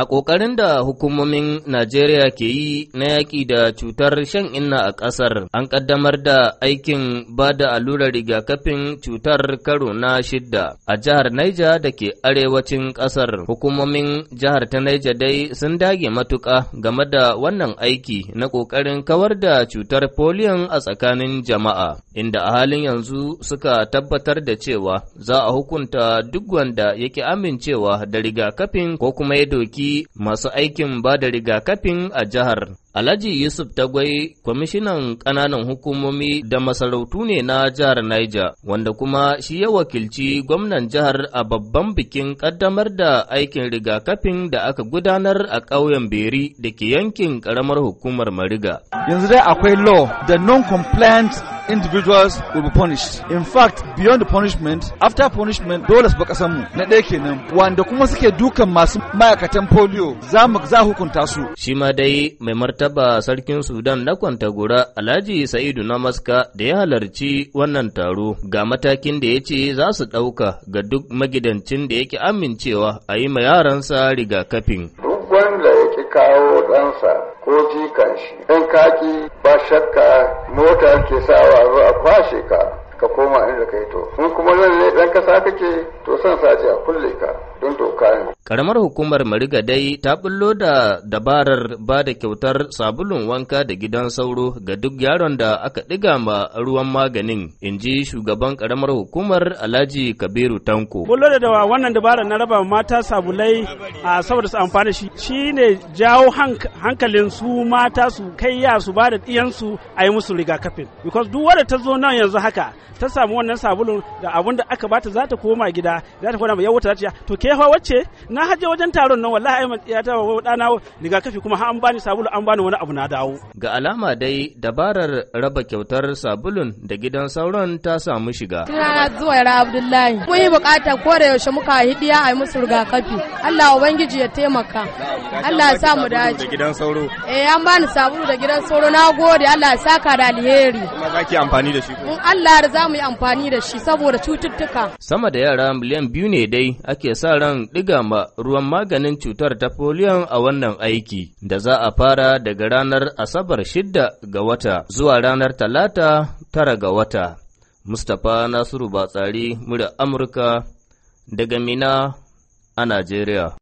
A ƙoƙarin da hukumomin Najeriya ke yi na yaƙi da cutar shan inna a ƙasar, an ƙaddamar da aikin ba da allurar rigakafin cutar karo na shidda a jihar Naija da ke arewacin ƙasar. Hukumomin jihar ta Naija dai sun dage matuƙa game da wannan aiki na ƙoƙarin kawar da cutar foliyon a tsakanin jama'a. inda a halin yanzu suka tabbatar da cewa za a hukunta duk wanda yake amincewa da rigakafin ko kuma ya doki masu aikin ba da rigakafin a jihar. Alhaji Yusuf Tagwai kwamishinan ƙananan hukumomi da masarautu ne na jihar Niger, wanda kuma shi ya wakilci gwamnan jihar a babban bikin ƙaddamar da aikin rigakafin da aka gudanar a ƙauyen Beri da ke yankin ƙaramar hukumar Mariga. Yanzu dai akwai law da non-compliant individuals will be punished. In fact, beyond the punishment, after punishment, dole su ba mu na ɗaya kenan. Wanda kuma suke dukan masu ma'aikatan polio za mu za hukunta su. Shi ma dai mai martaba sarkin Sudan na kwanta gura Alhaji Sa'idu na Maska da ya halarci wannan taro ga matakin da ya ce za su ɗauka ga duk magidancin da yake amincewa a yi ma yaransa rigakafin. Duk wanda ya kawo ɗansa ko jikan shi in kaki ba shakka mota ke sawa zo a kwashe ka ka koma inda ka yi to in kuma zan ne ɗan kasa kake to son sace a kulle ka don doka ne karamar hukumar Marigadai ta bullo da dabarar ba da kyautar sabulun wanka da gidan sauro ga duk yaron da aka ɗiga ma ruwan maganin, in ji shugaban karamar hukumar Alhaji Kabiru Tanko. Bullo da wannan dabarar na raba mata sabulai a saboda su amfani shi shi ne jawo hankalin su mata su kai ya su ba da ɗiyansu a yi musu rigakafin. Because duk wadda ta zo nan yanzu haka ta samu wannan sabulun da abun da aka bata za ta koma gida za ta koma yawata za ta to ke wacce na haje wajen taron nan wallahi ai ya ta wa dana rigakafi kuma har an bani sabulu an bani wani abu na dawo ga alama dai dabarar raba kyautar sabulun da gidan sauran ta samu shiga na zuwa yara abdullahi mun yi bukata ko da yaushe muka hidiya ai musu rigakafi Allah ubangiji ya taimaka Allah ya samu dace da gidan sauro eh an bani sabulu da gidan sauro na gode Allah ya saka da alheri kuma zaki amfani da shi ko Allah ya za mu yi amfani da shi saboda cututtuka sama da yara miliyan biyu ne dai ake sa ran diga ma ruwan maganin cutar ta foliyon a wannan aiki da za a fara daga ranar Asabar shidda ga wata zuwa ranar Talata tara ga wata. Mustapha Nasiru Batsari, mura Amurka, daga Mina a Najeriya.